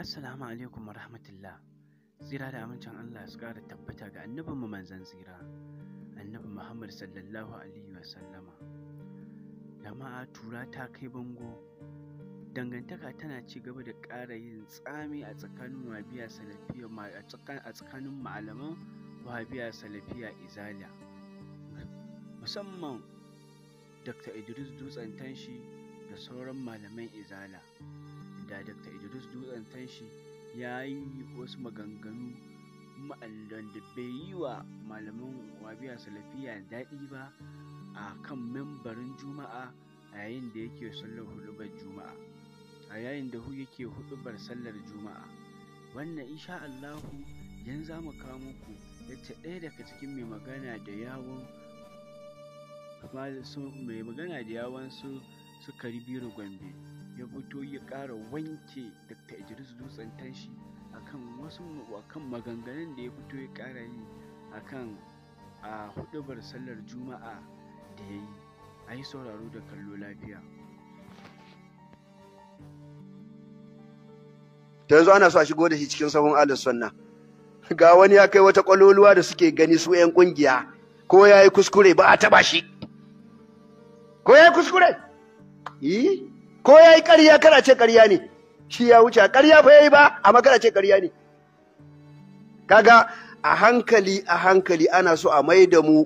Assalamu alaikum wa rahmatullah. Tsira da amincin Allah su ƙara tabbata ga annabin mu manzan tsira, annabi Muhammad sallallahu alaihi wa sallama. Jama'a tura ta kai bango. Dangantaka tana ci gaba da ƙara yin tsami a tsakanin wahabiya salafiya a tsakanin malaman wahabiya salafiya izaliya. Musamman Dr. Idris Dutsen Tanshi da sauran malaman izala. da Dr. Idris Dutsen Tanshi ya yi wasu maganganu da bai yi wa malaman wabiya salafiya daɗi ba a kan membarin juma'a a yayin da yake sallar hudubar juma'a a yayin da hu yake hudubar sallar juma'a wannan insha Allahu yanzu za mu kawo muku yace ɗaya daga cikin mai magana da yawon mai magana da yawon su su Gombe ya fito ya ƙara wanke dr idris dutsen tanshi kan wasu akan maganganun da ya fito ya ƙara yi a kan a hudubar sallar juma'a da ya yi a yi sauraro da kallo lafiya ta yanzu ana so a shigo da shi cikin sabon alis sunna ga wani ya kai wata kwaloluwa da suke gani su 'yan kungiya ko ya yi kuskure ba a taba shi ko ya yi kuskure yi ko ya yi ƙarya kana ce ƙarya ne shi ya wuce ƙarya fa ya yi ba amma kana ce ƙarya ne kaga a hankali a hankali ana so a mai da mu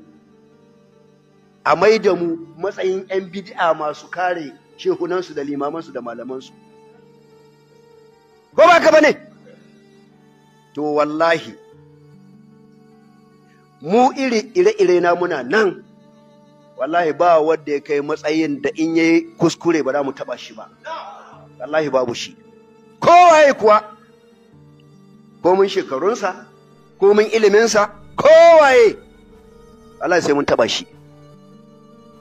matsayin 'yan bid'a masu kare shehunansu da limamansu da malamansu ko ba ka ba ne? to wallahi mu iri ire-ire na muna nan wallahi ba wanda ya kai matsayin da in yi kuskure ba za mu taba shi ba wallahi babu shi kowaye kuwa komin shekarunsa komin iliminsa kowaye Allah sai mun taba shi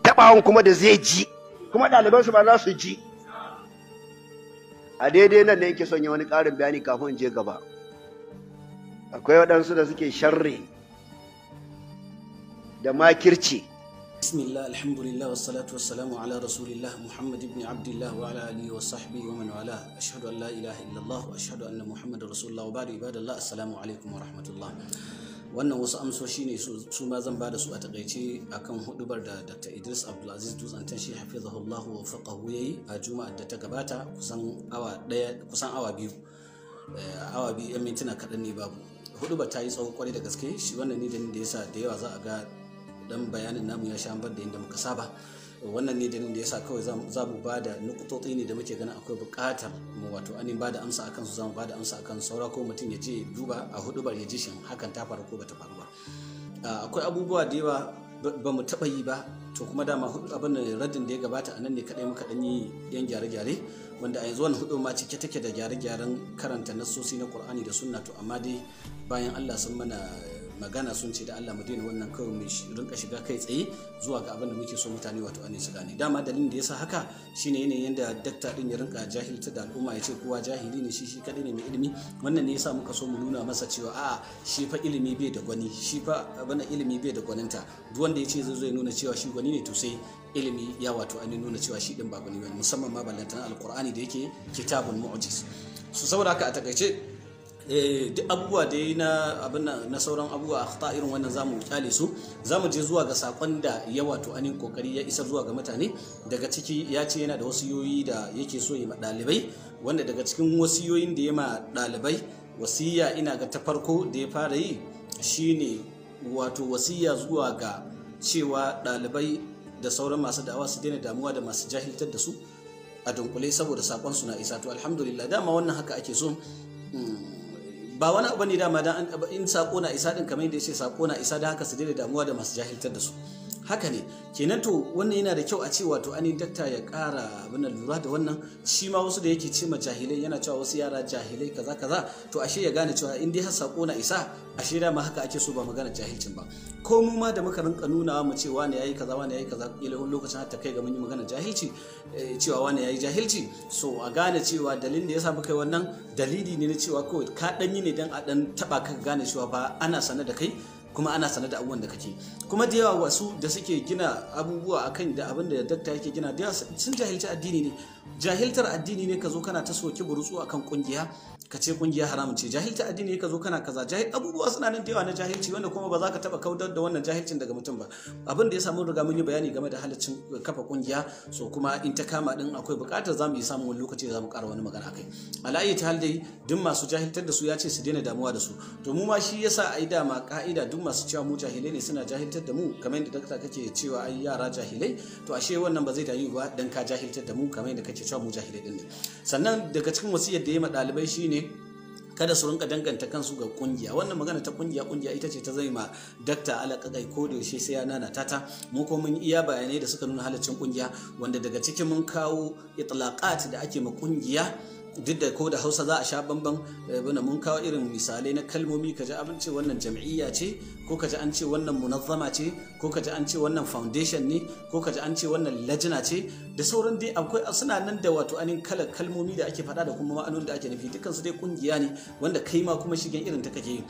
tabawan kuma da zai ji kuma ɗalibansu ba za su ji a daidai nan ne yake son yi wani ƙarin bayani kafin in je gaba akwai waɗansu da suke sharri da makirci بسم الله الحمد لله والصلاة والسلام على رسول الله محمد بن عبد الله وعلى آله وصحبه ومن والاه أشهد أن لا إله إلا الله وأشهد أن محمد رسول الله وبعد عباد الله السلام عليكم ورحمة الله wannan wasu amsoshi ne su ma zan bada su a takaice akan hudubar da Dr. Idris Abdulaziz Dutsantan shi hafizahullahu wa faqahu yayi a juma'a da ta gabata kusan awa daya kusan awa biyu eh, awa biyu yan mintuna kaɗan ne babu hudubar ta yi tsawo kwarai da gaske shi wannan ne da yasa da yawa za a ga dan bayanin namu ya sha da yadda muka saba wannan ne dalilin da yasa kawai za mu ba da nukutoti ne da muke ganin akwai bukatar mu wato anin ba da amsa akan su za mu ba da amsa akan saura ko mutum ya je duba a hudu bar ya ji shin hakan ta faru ko bata faru ba akwai abubuwa da yawa ba mu taɓa yi ba to kuma dama abin raddin da ya gabata a nan ne kadai muka dan yi yan gyare-gyare wanda a yanzu wani hudu ma cike take da gyare-gyaren karanta nasosi na Qur'ani da sunna to amma dai bayan Allah sun mana magana sun ce da Allah mu daina wannan kawai mu rinka shiga kai tsaye zuwa ga abin da muke so mutane wato an su gane dama dalilin da ya sa haka shine yanayin yanda dakta din ya rinka jahilta da al'umma ya ce kowa jahili ne shi shi kadai ne mai ilimi wannan ne sa muka so mu nuna masa cewa a shi fa ilimi bai da gwani shi fa abin ilimi bai da gwaninta duk wanda ya ce zai zo ya nuna cewa shi gwani ne to sai ilimi ya wato an nuna cewa shi din ba gwani ba musamman ma ballantana alqur'ani da yake kitabun mu'jiz su saboda haka a takaice Eh, duk abubuwa da yi na sauran abubuwa a ta irin wannan zamu kyale su zamu je zuwa ga sakon da ya wato anin kokari ya isa zuwa ga mutane daga ciki ya ce yana da wasiyoyi da yake so ya ma ɗalibai wanda daga cikin wasiyoyin da ya ma ɗalibai wasiya ina ga ta farko da ya fara yi shine wato wasiya zuwa ga cewa ɗalibai da sauran masu da'awa su daina damuwa da masu jahiltar da su a dunkule saboda sakon su na isa to alhamdulillah dama wannan haka ake so hmm. ba wani abu ne dama in sako na isa din kamar yadda ya ce sako na isa da haka su daina damuwa da masu jahiltar da su haka ne kenan to wannan yana da kyau a ce wato ani dakta ya kara abin lura da wannan shi ma wasu da yake ce ma jahilai yana cewa wasu yara jahilai kaza kaza to ashe ya gane cewa in dai har sako na isa ashe dama haka ake so ba magana jahilcin ba ko mu ma da muka rinka nunawa mu ce wani yayi kaza wani yayi kaza ila lokacin har ta kai ga mun yi magana jahilci eh, cewa wani yayi jahilci so a gane cewa dalilin da yasa muka yi wannan dalili ne na cewa kawai ka danyi ne dan a dan taba ka gane cewa ba ana sanar da kai kuma ana sanar da abubuwan da kake kuma da yawa wasu da suke gina abubuwa akan da abin da dakta yake gina da sun jahilci addini ne jahiltar addini ne ka zo kana ta soki burutsu akan kungiya ka ce kungiya haramun ce jahiltar addini ne ka zo kana kaza jahil abubuwa suna nan da yawa na jahilci wanda kuma ba za ka taba kaudar da wannan jahilcin daga mutum ba abin da ya samu riga mun yi bayani game da halaccin kafa kungiya so kuma in ta kama din akwai bukatar zamu yi samun wani lokaci za mu ƙara wani magana akai ala'ayi ta hal dai duk masu jahiltar da su ya ce su daina damuwa da su to mu ma shi yasa ai dama ka'ida duk masu cewa mu jahilai ne suna jahiltar da mu kamar yadda dakta kake cewa ai yara jahilai to ashe wannan ba zai da ba dan ka jahiltar da mu kamar yadda kake cewa mu jahilai din ne sannan daga cikin wasiyar da ya ma shi shine kada su rinka danganta kansu ga kungiya wannan magana ta kungiya kungiya ita ce ta zai ma dakta alakakai ko da yaushe sai ya nana tata mu ko mun iya bayanai da suka nuna halaccin kungiya wanda daga cikin mun kawo itlaqat da ake ma kungiya duk da ko da hausa za a sha bambam eh, bana mun kawo irin misalai na kalmomi ka ji an ce wannan jam'iyya ce ko ka ji an ce wannan munazzama ce ko ka ji an ce wannan foundation ne ko ka ji an ce wannan lajina ce da sauran dai akwai suna nan da wato anin kalar kalmomi da ake faɗa da kuma ma'anonin da ake nufi dukkan su dai kungiya ne wanda kai ma kuma shigen irin ta kake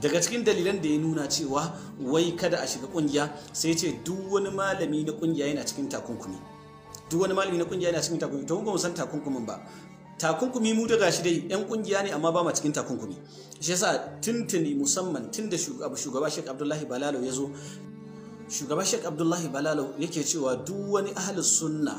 daga cikin dalilan da ya nuna cewa wai kada a shiga kungiya sai ce duk wani malami na kungiya yana cikin takunkumi duk wani malami na kungiya yana cikin takunkumi to mun san takunkumin ba takunkumi mu da gashi dai yan kungiya ne amma ba ma cikin takunkumi shi yasa tuntuni musamman tun da shugaba Sheikh Abdullahi Balalo ya zo shugaba Sheikh Abdullahi Balalo yake cewa duk wani ahlus sunna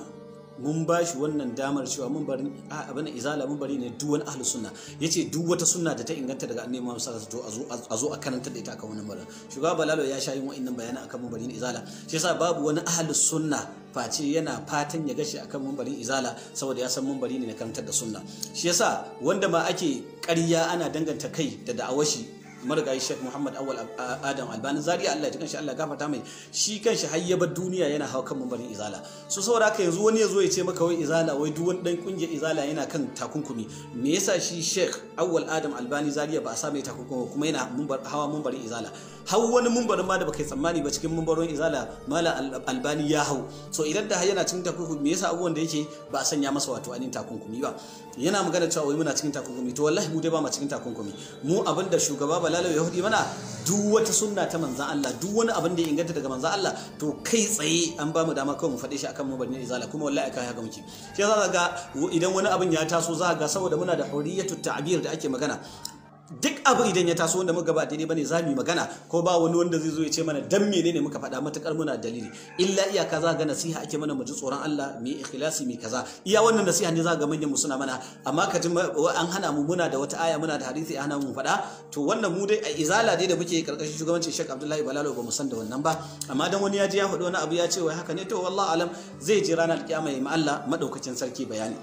mun ba shi wannan damar cewa mun bari abin izala mun bari ne duk wani ahlus sunna yace duk wata sunna da ta inganta daga annabi Muhammad sallallahu alaihi wasallam a zo a karanta da ita akan wannan bala shugaba Balalo ya sha yin wa'annan bayanan akan mun bari ne izala shi yasa babu wani ahlus sunna face yana fatan ya gashi akan mambarin izala saboda ya san mambari ne na karantar da sunna shi yasa wanda ma ake ƙarya ana danganta kai da da'awashi marigayi Sheikh Muhammad Awal Adam Albani Zaria Allah ya kanshi Allah gafarta mai shi kanshi har duniya yana hawa kan mambarin izala so saboda haka yanzu wani yazo ya ce maka wai izala wai duk wani dan kungiyar izala yana kan takunkumi me yasa shi Sheikh Awal Adam Albani Zaria ba a sa mai takunkumi kuma yana hawa mambarin izala har wani mumbarin ma da baka tsammani ba cikin mumbarin izala mala albani ya hau so idan da yana cikin takunkumi me yasa abubuwan da yake ba a sanya masa wato anin takunkumi ba yana magana cewa wai muna cikin takunkumi to wallahi mu dai ba mu cikin takunkumi mu abin da shugaba balalo ya hudi mana duk wata sunna ta manzan Allah duk wani abin da ya inganta daga manzan Allah to kai tsaye an ba mu dama kawai mu faɗe shi akan mumbarin izala kuma wallahi ya haka muke shi yasa ga idan wani abin ya taso za ga saboda muna da huriyatu ta'bir da ake magana duk abu idan ya taso wanda muka ba daidai bane za mu yi magana ko ba wani wanda zai zo ya ce mana dan menene muka faɗa matakar muna dalili illa iyaka za ga nasiha ake mana muji tsoron Allah mu yi ikhlasi mu kaza iya wannan nasiha ne za ga manyan mu suna mana amma ka ji an hana mu muna da wata aya muna da hadisi an hana mu faɗa to wannan mu dai a izala dai da muke karkashin shugabancin Sheikh Abdullahi Balalo ba mu san da wannan ba amma dan wani ya ji ya faɗi wani abu ya ce wai haka ne to wallahi alam zai ji ranar kiyama ya ma Allah madaukakin sarki bayani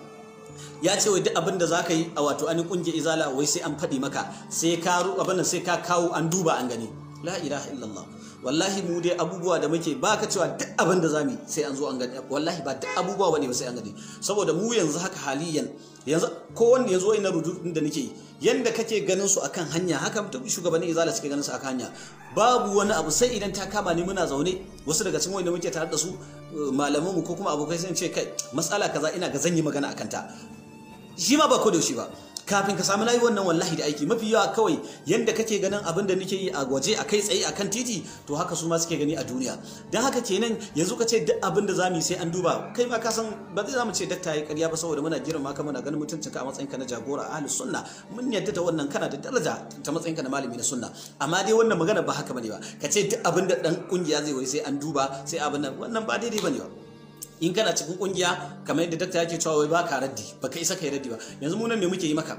ya ce wai duk abin da zaka yi a wato an kunge izala wai sai an faɗi maka sai ka abin nan sai ka kawo an duba an gani la ilaha illallah wallahi mu dai abubuwa da muke ba ka cewa duk abin da zamu sai an zo an gani wallahi ba duk abubuwa bane ba sai an gani saboda mu yanzu haka haliyan yanzu ko wanda yazo ina rududin da nake yanda kake ganin su akan hanya haka mutum shugabannin izala suke ganin su akan hanya babu wani abu sai idan ta kama ni muna zaune wasu daga cikin wanda muke tare da su eh, malamanmu ko kuma abokai sun ce kai matsala kaza ina ga zan yi magana akan ta shi ma ba ko da yaushe ba kafin ka samu layi wannan wallahi da aiki mafi yawa kawai yanda kake ganin abin da nake yi a waje a kai tsaye a kan titi to haka su ma suke gani a duniya don haka kenan yanzu ka ce duk abin da zamu yi sai an duba kai ma ka san ba zai zamu ce dakta yi ƙarya ba saboda muna girma ka muna ganin mutuncin ka a matsayin ka na jagora ahli sunna mun yadda da wannan kana da daraja ta matsayin ka na malami na sunna amma dai wannan magana ba haka bane ba ka ce duk abin da dan kungiya zai wai sai an duba sai abin nan wannan ba daidai bane ba in kana cikin kungiya kamar yadda dakta yake cewa wai baka raddi ba ka isa ka yi raddi ba yanzu mu nan me muke yi maka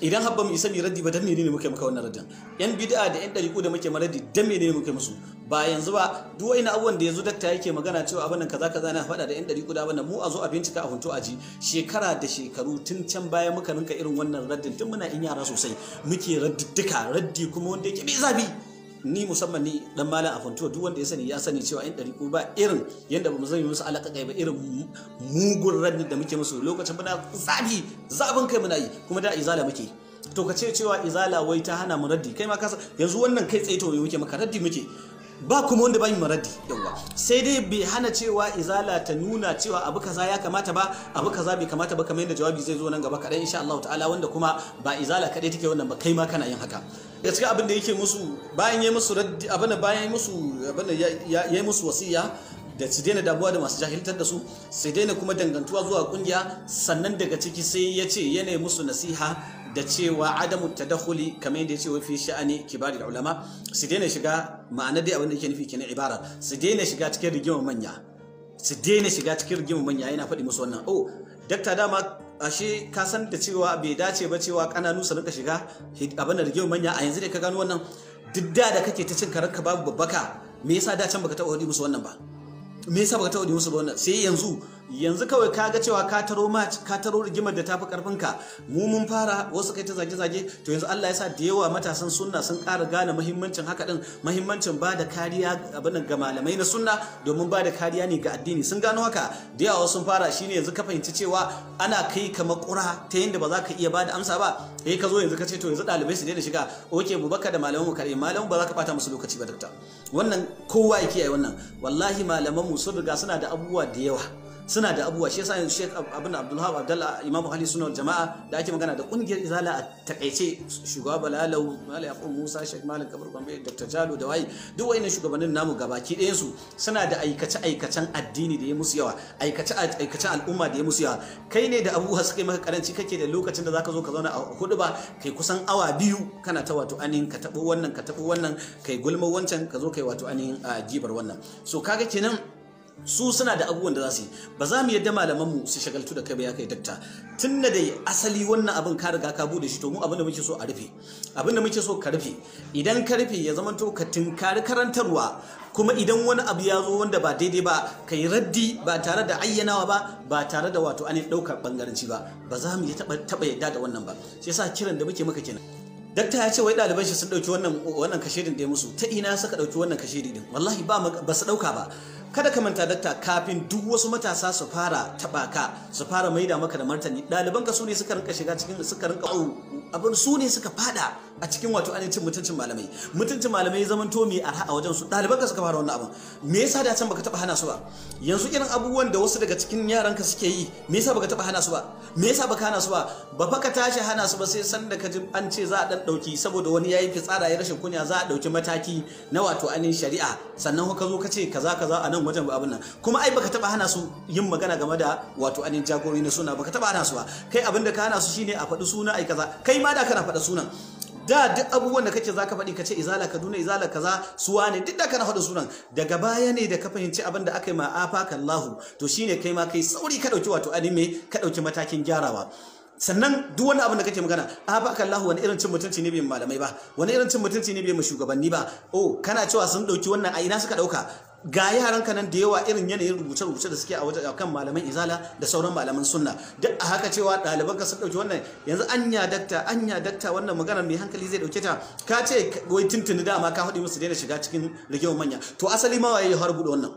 idan habba mu isa mu raddi ba dan ne muke maka wannan raddin yan bid'a da yan dariku da muke raddi dan ne muke musu ba yanzu ba duk wani abubuwan da yanzu dakta yake magana cewa abin nan kaza kaza na faɗa da yan dariku da wannan mu a zo a bincika a hunto a ji shekara da shekaru tun can baya muka rinka irin wannan raddin tun muna in yara sosai muke raddi duka raddi kuma wanda yake bai zabi ni musamman ni dan malam afanto duk wanda ya sani ya sani cewa in dari ba irin yanda bamu zai musu alaka kai ba irin mugun ranni da muke musu lokacin muna zabi zabin kai muna yi kuma da izala muke to ka ce cewa izala wai ta hana mu raddi kai ma ka yanzu wannan kai tsaye to muke maka raddi muke ba kuma wanda ba yi maradi yawa sai dai bai hana cewa izala ta nuna cewa abu kaza ya kamata ba abu kaza bai kamata ba kamar yadda jawabi zai zo nan gaba kaɗai insha Allah ta'ala wanda kuma ba izala kaɗai take wannan ba kai ma kana yin haka gaskiya abin da yake musu bayan yayi musu raddi abana bayan yayi musu abana yayi musu wasiya da su daina damuwa da masu jahiltar da su sai daina kuma dangantuwa zuwa kungiya sannan daga ciki sai ya ce yana musu nasiha da cewa adamu ta dakhuli kamar yadda ya ce wa fi sha'ani kibari ulama su daina shiga ma'ana dai abin da yake nufi kenan ibara su daina shiga cikin rigimar manya su daina shiga cikin rigimar manya yana faɗi musu wannan oh dakta dama ashe ka san da cewa bai dace ba cewa kananu su rinka shiga abin da rigimar manya a yanzu da ka gano wannan duk da da kake ta cin karanka babu babbaka me yasa da can baka taɓa faɗi musu wannan ba me yasa baka taɓa faɗi musu wannan sai yanzu yanzu kawai ka ga cewa ka taro match ka taro rigimar da tafi karfinka mu mun fara wasu kai ta zage-zage to yanzu Allah ya sa da yawa matasan sunna sun ƙara gane muhimmancin haka din muhimmancin ba da kariya abin ga malamai na sunna domin ba da kariya ne ga addini sun gano haka da yawa sun fara shine yanzu ka fahimci cewa ana kai ka makura ta yanda ba za ka iya ba da amsa ba eh ka zo yanzu ka ce to yanzu ɗalibai su daina shiga oke bubakar da malaman mu kare malaman ba za ka bata musu lokaci ba dakta wannan kowa ya kiyaye wannan wallahi malaman mu sun riga suna da abubuwa da yawa suna da abubuwa shi yasa Sheikh Abin Abdulhab Abdalla Imam Ali. suna Jama'a da ake magana da kungiyar Izala a takaice shugaba Balalau Malam Yaqub Musa Sheikh Malam Kabir Gombe Dr. Jalo da waye duk wayannan shugabannin namu gabaki ɗayan su suna da aikace aikacen addini da ya musu yawa aikace aikacen al'umma da ya musu yawa kai ne da abubuwa suka yi maka karanci kake da lokacin da zaka zo ka zauna a hudu ba kai kusan awa biyu kana ta wato anin ka tabo wannan ka tabo wannan kai gulma wancan ka zo kai wato anin Jibar wannan so kaga kenan su suna da abubuwan da za su yi ba za mu yadda malamanmu su shagaltu da kai ba ya kai dakta tun da dai asali wannan abin ka riga ka bude shi to mu abin da muke so a rufe abin da muke so ka rufe idan ka rufe ya zama to ka tinkari karantarwa kuma idan wani abu ya zo wanda ba daidai ba ka yi raddi ba tare da ayyanawa ba ba tare da wato anin ɗaukar bangaranci ba ba za mu taɓa yadda da wannan ba shi yasa kiran da muke maka kenan dakta ya ce wai ɗaliban shi sun ɗauki wannan wannan kashedin da ya musu ta ina saka ɗauki wannan kashedi din wallahi ba ba su ɗauka ba kada ka manta dakta kafin duk wasu matasa su fara taba ka su fara maida maka da martani ɗaliban ka su ne suka rinka shiga cikin suka rinka abin su ne suka fada a cikin wato an cin mutuncin malamai mutuncin malamai zaman to mai arha a wajen su ɗaliban ka suka fara wannan abin me yasa da can baka taba hana su ba yanzu irin abubuwan da wasu daga cikin yaran ka suke yi me yasa baka taba hana su ba me yasa baka hana su ba ba fa ka tashi hana su ba sai san da ka ji an ce za a dan dauki saboda wani yayi fitsara ya rashin kunya za a dauki mataki na wato anin shari'a sannan ka zo ka ce kaza kaza a nan nan wajen ba abin nan kuma ai baka taba hana su yin magana game da wato anin jagorori na suna baka taba hana su ba kai abin da ka hana su shine a faɗi suna ai kaza kai ma da kana faɗa sunan da duk abubuwan da kake zaka faɗi kace izala kaduna izala kaza suwa ne duk da kana faɗa sunan daga baya ne da ka fahimci abin da aka yi ma Allah to shine kai ma kai sauri ka ɗauki wato me ka ɗauki matakin gyarawa sannan duk wani abin da kake magana a ba lahu wani irin cin mutunci ne bai malamai ba wani irin cin mutunci ne bai mu shugabanni ba oh kana cewa sun dauki wannan a ina suka dauka ga yaran ka nan da yawa irin yanayin rubuce rubuce da suke a wajen kan malaman izala da sauran malaman sunna duk a haka cewa ɗaliban ka sun dauki wannan yanzu anya dakta anya dakta wannan magana mai hankali zai dauke ta ka ce wai tuntuni dama ka haɗi musu daina shiga cikin rigimar manya to asali ma waye ya fara buɗe wannan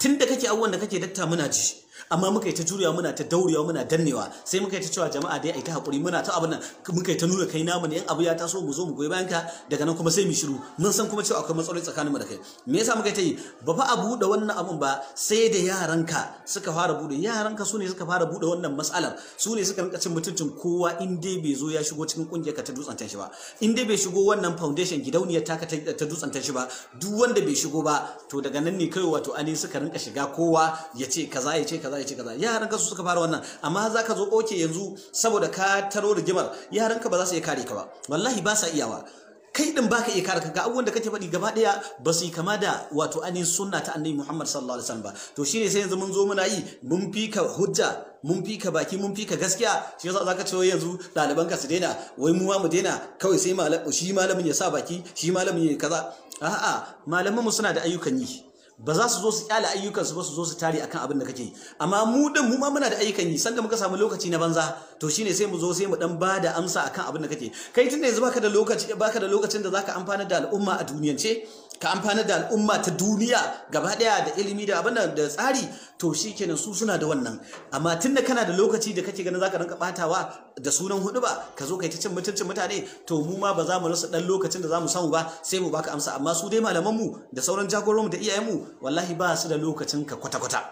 tun da kake abubuwan da kake dakta muna ci amma muka yi ta juriya muna ta daurewa muna dannewa sai muka yi ta cewa jama'a dai ai ta hakuri muna ta abin nan muka yi ta nuna kai namu ne in abu ya taso mu zo mu goyi bayan ka daga nan kuma sai mu shiru mun san kuma cewa akwai matsaloli tsakaninmu da kai me yasa muka yi ta yi ba fa a buɗe wannan abun ba sai da yaranka suka fara buɗe yaranka su ne suka fara buɗe wannan matsalar su ne suka rinka cin mutuncin kowa in dai bai zo ya shigo cikin kungiyar ka ta dutsen shi ba in dai bai shigo wannan foundation gidauniyar taka ta dutsen shi ba duk wanda bai shigo ba to daga nan ne kai wato ani suka rinka shiga kowa ya ce kaza ya ce kaza ya ce kaza yaran ka su suka fara wannan amma za ka zo oke yanzu saboda ka taro rigimar yaran ka ba za su iya kare ka ba wallahi ba sa iyawa kai din ba ka iya kare ka ga abubuwan da kake faɗi gaba ɗaya ba su yi kama da wato anin sunna ta annabi Muhammad sallallahu alaihi wasallam ba to shine sai yanzu mun zo muna yi mun fika hujja mun fika baki mun fika gaskiya shi yasa ka ce yanzu ɗaliban ka su daina wai mu ma mu daina kawai sai malamin shi malamin ya sa baki shi malamin ya kaza a'a malaman mu suna da ayyukan yi ba za su zo su ayyukan su ba su zo su tare akan abin da kake yi amma mu din mu ma muna da ayyukan yi sanda muka samu lokaci na banza to shine sai mu zo sai mu dan ba da amsa akan abin da kake kai tunda yanzu baka da lokaci baka da lokacin da zaka amfana da al'umma a duniyance ka amfana da al'umma ta duniya gaba daya da ilimi da abin da tsari to shikenan su suna da wannan amma tunda kana da lokaci da kake ganin zaka ranka batawa da sunan hudu ba ka zo kai ta cin mutuncin mutane to mu ma ba za mu rasa dan lokacin da za mu samu ba sai mu baka amsa amma su dai malaman mu da sauran mu da iyayen mu wallahi ba su da lokacin ka kwata-kwata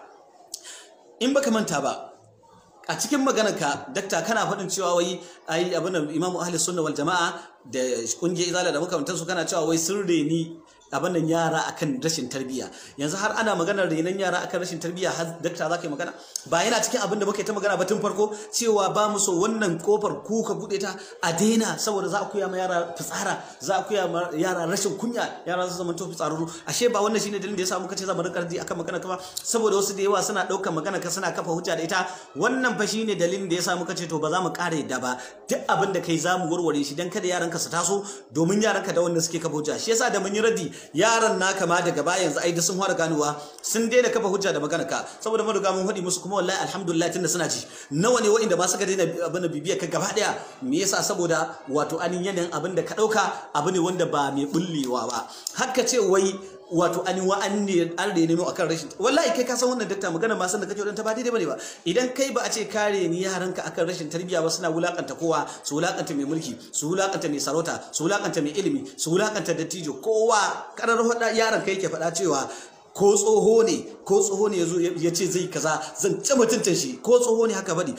in baka manta ba a cikin maganarka dakta kana faɗin cewa wai ai abin da imamu ahli sunna wal jama'a da kungiyar izala da muka makamantansu kana cewa wai sun reni abin nan yara akan rashin tarbiyya yanzu har ana maganar renon yara akan rashin tarbiyya har dakta za ka yi magana ba yana cikin abinda da muke ta magana ba tun farko cewa ba mu so wannan kofar kuka ka buɗe ta a daina saboda za a koya ma yara fitsara za a koya ma yara rashin kunya yara za su zama to fitsararru ashe ba wannan shine dalilin da yasa muka ce za mu rika akan magana kuma saboda wasu da yawa suna ɗaukar magana ka suna kafa hujja da ita wannan fa shine dalilin da yasa muka ce to ba za mu ƙara yadda ba duk abin da kai za mu warware shi dan kada yaranka su taso domin yaranka da wanda suke kafa hujja shi yasa da mun yi raddi yaran na ma daga baya yanzu ai sun fara ganuwa sun daina kafa hujja da magana ka saboda mun riga mun hudi musu kuma wallahi alhamdulillah tunda suna ji nawa ne wa'inda ba suka daina abin bibiya ka gaba daya me yasa saboda wato anin yanayin abin da ka dauka abu ne wanda ba mai bullewa ba haka ce wai wato an wa an ne an rene mu akan rashin wallahi kai ka san wannan dakta magana ma san da kake wadanta ba daidai bane ba idan kai ba a ce kare ni yaranka akan rashin tarbiyya ba suna wulakanta kowa su wulakanta mai mulki su wulakanta mai sarauta su wulakanta mai ilimi su wulakanta dattijo kowa karar hoda yaran kai yake faɗa cewa ko tsoho ne ko tsoho ne ya ce zai kaza zan ci mutuntun shi ko tsoho ne haka bari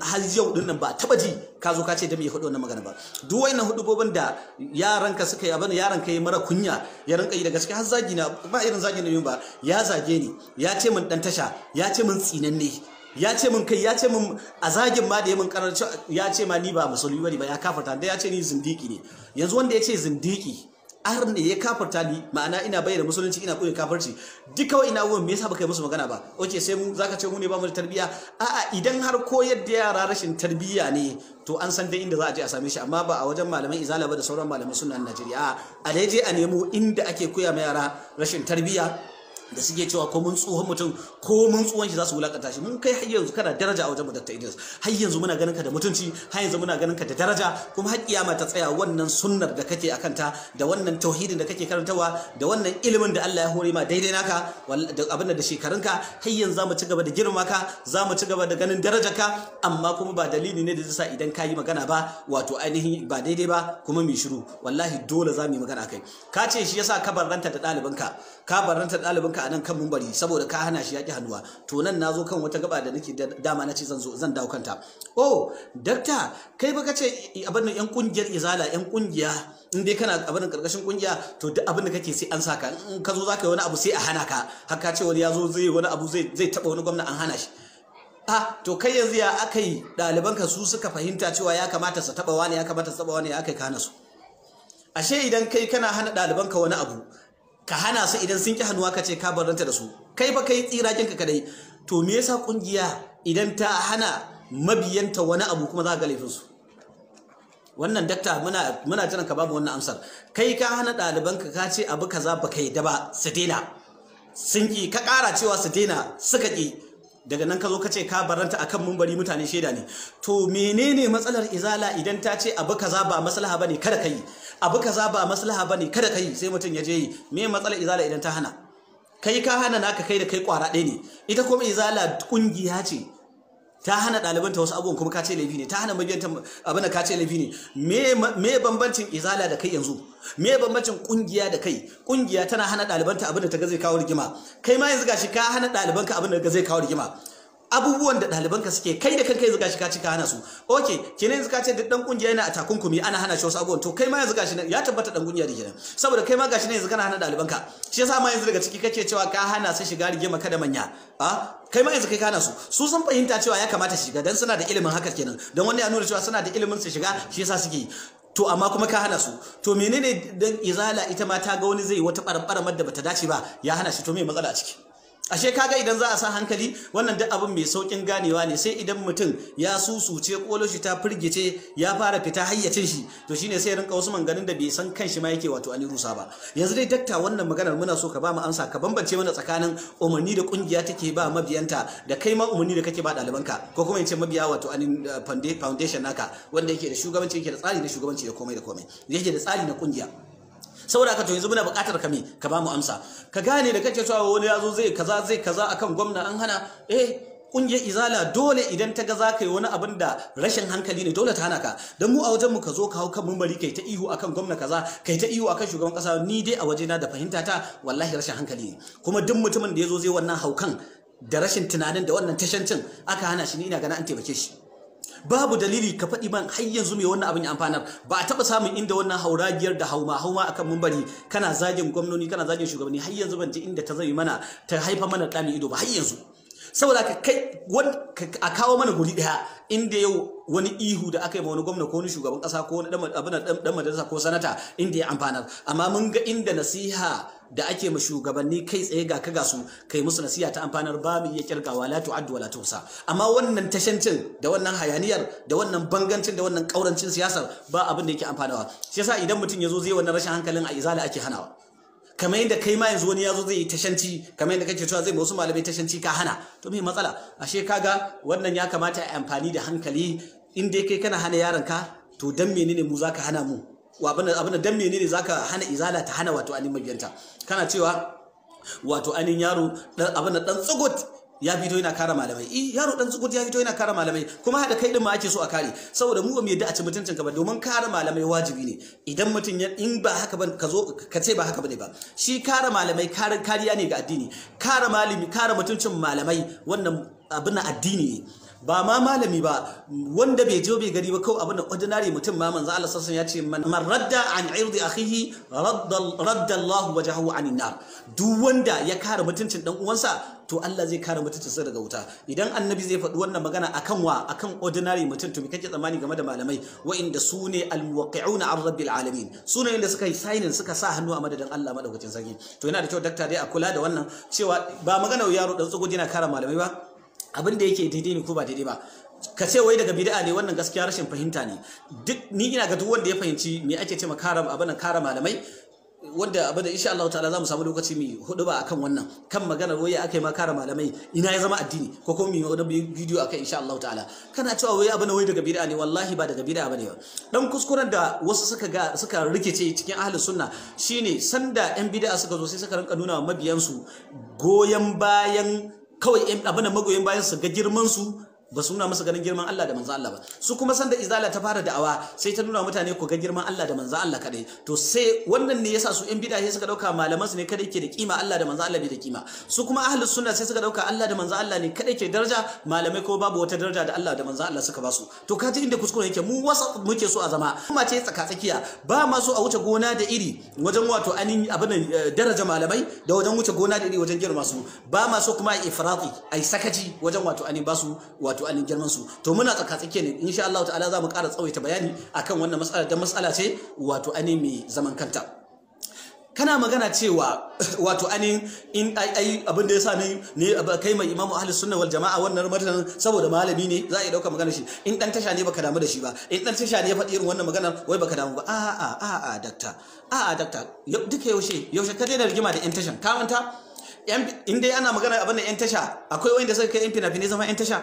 har yau din nan ba taba ji ka zo ka ce da mai hudu wannan magana ba duk hudu hudubobin da yaranka suka yi abin ka yi mara kunya ya rinka yi daga cikin har zagi na ba irin zagi na ba ya zage ni ya ce min dan tasha ya ce min tsinanne ya ce min kai ya ce min a zagin ma da ya min karar ya ce ma ni ba musulmi bane ba ya kafarta da ya ce ni zindiki ne yanzu wanda ya ce zindiki har ne ya kafarta ni ma'ana ina bayyana musulunci ina koyi kafarci duk kawai ina wuwan me yasa baka yi musu magana ba oke sai mu zaka ce mu ne ba da tarbiyya a'a idan har koyar da yara rashin tarbiyya ne to an san dai inda za a je a same shi amma ba a wajen malaman izala ba da sauran malaman sunan Najeriya a dai je a nemo inda ake koya ma yara rashin tarbiyya da suke cewa ko mun tsohon mutum ko mun tsohon shi za su wulakanta shi mun kai har yanzu kana daraja a wajen mu Dr. Idris har yanzu muna ganin ka da mutunci har yanzu muna ganin ka da daraja kuma har kiyama ta tsaya wannan sunnar da kake akan ta da wannan tauhidin da kake karantawa da wannan ilimin da Allah ya hore ma daidai naka da abin da shekarun ka. har yanzu zamu ci gaba da girma ka zamu ci gaba da ganin ka. amma kuma ba dalili ne da zai sa idan ka yi magana ba wato ainihin ba daidai ba kuma mai shiru wallahi dole za mu yi magana kai ka ce shi yasa ka barranta da ɗalibinka ka barranta da ɗalibinka a nan kan mumbari saboda ka hana shi yaki hannuwa to nan nazo kan wata gaba da nake dama na ce zan zo zan dawo kanta oh dakta kai ba ka ce abin yan kungiyar izala yan kungiya in dai kana abin karkashin kungiya to duk abin da kake sai an saka in ka zo ka yi wani abu sai a hana ka har ka ce wani ya zo zai wani abu zai zai wani gwamna an hana shi ah to kai yanzu ya aka yi ɗalibanka su suka fahimta cewa ya kamata su taɓa wani ya kamata su taɓa wani ya aka ka kana su ashe idan kai kana hana ɗalibanka wani abu ka hana su idan sun ki hannuwa ka ce ka barranta da su kai ba kai tsira kinka kadai to me yasa kungiya idan ta hana mabiyanta wani abu kuma za ka ga su wannan dakta muna muna jiran ka babu wannan amsar kai ka hana daliban ka ce abu kaza ba kai da ba su dena sun ki ka ƙara cewa su dena suka ki daga nan ka zo ka ce ka baranta akan mumbari mutane shaida ne to menene matsalar izala idan ta ce abu kaza ba maslaha bane kada ka abu kaza ba maslaha bane kada kai sai mutum ya je yi me matsala izala idan ta hana kai ka hana naka kai da kai kwara ɗaya ne ita kuma izala ƙungiya ce ta hana ɗalibanta wasu abubuwan kuma ka ce laifi ne ta hana mabiyanta abin ka ce laifi ne me bambancin izala da kai yanzu me bambancin ƙungiya da kai Ƙungiya tana hana ɗalibanta abin da ta ga zai kawo rigima kai ma yanzu gashi ka hana ɗalibanka abin da ga zai kawo rigima abubuwan da ɗaliban ka suke kai da kanka zuga shi ka cika hana su okay kenan yanzu ka ce duk dan kungiya yana a takunkumi ana hana shi wasu abubuwan to kai ma yanzu gashi ya tabbata dan kungiya da kenan saboda kai ma gashi ne yanzu kana hana ɗalibanka shi yasa ma yanzu daga ciki kake cewa ka hana su shiga maka da manya a kai ma yanzu kai ka hana su su sun fahimta cewa ya kamata shiga dan suna da ilimin haka kenan dan wani ya nuna cewa suna da ilimin su shiga shi yasa suke to amma kuma ka hana su to menene dan izala ita ma ta ga wani zai wata barbaramar da bata dace ba ya hana shi to me matsala a ciki ashe kaga idan za a sa hankali wannan duk abin mai saukin ganewa ne sai idan mutum ya susuce kolo ta firgice ya fara fita hayyacin shi to shine sai rinka wasu manganin da bai san kanshi ma yake wato Ali Rusa ba yanzu dai dakta wannan maganar muna so ka ba mu amsa ka bambance mana tsakanin umarni da kungiya take ba mabiyanta da kai ma umarni da kake ba ɗalibanka ko kuma in ce mabiya wato Ali eh, foundation naka wanda yake da shugabanci yake da tsari na shugabanci da komai da komai yake da tsari na kungiya saboda haka to yanzu muna buƙatar ka me ka ba mu amsa ka gane da kace cewa wani yazo zai kaza zai kaza akan gwamna an hana eh kungiyar izala dole idan ta ga zaka yi wani abin da rashin hankali ne dole ta hana ka dan mu a wajen mu ka zo ka hau kan mumbari kai ta ihu akan gwamna kaza kai ta ihu akan shugaban kasa ni dai a waje na da fahimta ta wallahi rashin hankali ne kuma duk mutumin da yazo zai wannan haukan da rashin tunanin da wannan tashancin aka hana shi ni ina gana an taimake shi babu dalili ka faɗi man har yanzu mai wannan abin ya amfanar ba a taɓa samun inda wannan hauragiyar da hauma hauma akan mumbari kana zagin gwamnoni kana zagin shugabanni har yanzu ban ji inda ta zai mana ta haifa mana ɗani ido ba har yanzu saboda ka kai a kawo mana guri daya inda yau wani ihu da aka yi wani gwamna ko wani shugaban kasa ko wani dan majalisa ko sanata inda ya amfana amma mun ga inda nasiha da ake ma shugabanni kai tsaye ga kaga su kai musu nasiha ta amfanar ba mu iya kirgawa la tu'addu wa la tuhsa amma wannan tashancin da wannan hayaniyar da wannan bangancin da wannan kaurancin siyasar ba abin da yake amfanawa shi yasa idan mutum ya zo zai wannan rashin hankalin a izala ake hanawa kamar yadda kai ma yanzu wani ya zo zai yi tashanci kamar yadda kake cewa zai wasu malamai tashanci ka hana to me matsala ashe kaga wannan ya kamata a amfani da hankali in dai kai kana hana yaron ka to dan menene mu zaka hana mu abin abin dan menene zaka hana izala ta hana wato anin kana cewa wato anin yaro abin dan tsugut ya fito yana kare malamai eh yaro dan tsugud ya fito yana kare malamai kuma haɗa kai din ma ake so a kare saboda mu bamu yadda a ci mutuncin ka ba domin kare malamai wajibi ne idan mutun ya in ba haka ba ka zo ka ce ba haka bane ba shi kare malamai kariya ne ga addini kare malami kare mutuncin malamai wannan abin addini ne ba ma malami ba wanda bai je bai gari ba kawai abin da ordinary mutum ma manzo Allah sallallahu ya ce man radda an irdi akhihi radda Allah wajhahu an nar duk wanda ya kare mutuncin dan uwansa to Allah zai kare sa daga wuta idan annabi zai faɗi wannan magana akan wa akan ordinary mutum to me kake tsammani game da malamai wa'inda sune ne almuwaqqi'una an rabbil alamin su ne inda suka yi signing suka sa hannu a madadin Allah madaukakin sarki to yana da kyau dakta dai a kula da wannan cewa ba magana yaro dan tsugo yana kare malamai ba abin da yake daidai ne ko ba daidai ba ka ce wai daga bid'a ne wannan gaskiya rashin fahimta ne duk ni ina ga duk wanda ya fahimci me ake cewa karam abin kara malamai wanda abin da insha Allah ta'ala zamu samu lokaci mu hudu ba akan wannan kan maganar waya akai ma kara malamai ina ya zama addini ko kuma mu wani bidiyo akai insha Allah ta'ala kana cewa wai abin wai daga bid'a ne wallahi ba daga bid'a bane ba dan kuskuren da wasu suka ga suka rikice cikin ahlus sunna shine sanda yan bid'a suka zo sai suka rinka nuna mabiyansu goyen bayan kawai abin da magoyin bayan su ga girman su ba su nuna masa ganin girman Allah da manzan Allah ba su kuma sanda izala ta fara da'awa sai ta nuna mutane ku ga girman Allah da manzan Allah kadai to sai wannan ne yasa su yan bid'a sai suka dauka malaman su ne kadai ke da kima Allah da manzan Allah bai da kima su kuma ahlus sunna sai suka dauka Allah da manzan Allah ne kadai ke daraja malamai ko babu wata daraja da Allah da manzan Allah suka ba su to kaji inda kuskure yake mu wasa muke so a zama kuma ce tsaka tsakiya ba ma so a wuce gona da iri wajen wato anin abin eh, daraja malamai da wajen wuce gona da iri wajen girma su ba ma so kuma a ifrati ai sakaci wajen wato anin ba su wato wato ainihin girman su to muna tsaka tsakiya ne insha Allah ta'ala za mu ƙara tsawaita bayani akan wannan matsala dan matsala ce wato ainihin mai zaman kanta kana magana cewa wato Ani in ai abin da ya sa ni ne kai mai imamu ahli sunna wal jama'a wannan martanin saboda malami ne za a dauka magana shi in dan tasha ne baka damu da shi ba in dan tasha ne ya faɗi irin wannan magana wai baka damu ba a a a a dakta a a dakta duka yaushe yaushe ka daina rigima da yan tashan ka manta in dai ana magana abin da yan tasha akwai wanda suka kai yan fina-finai zama yan tasha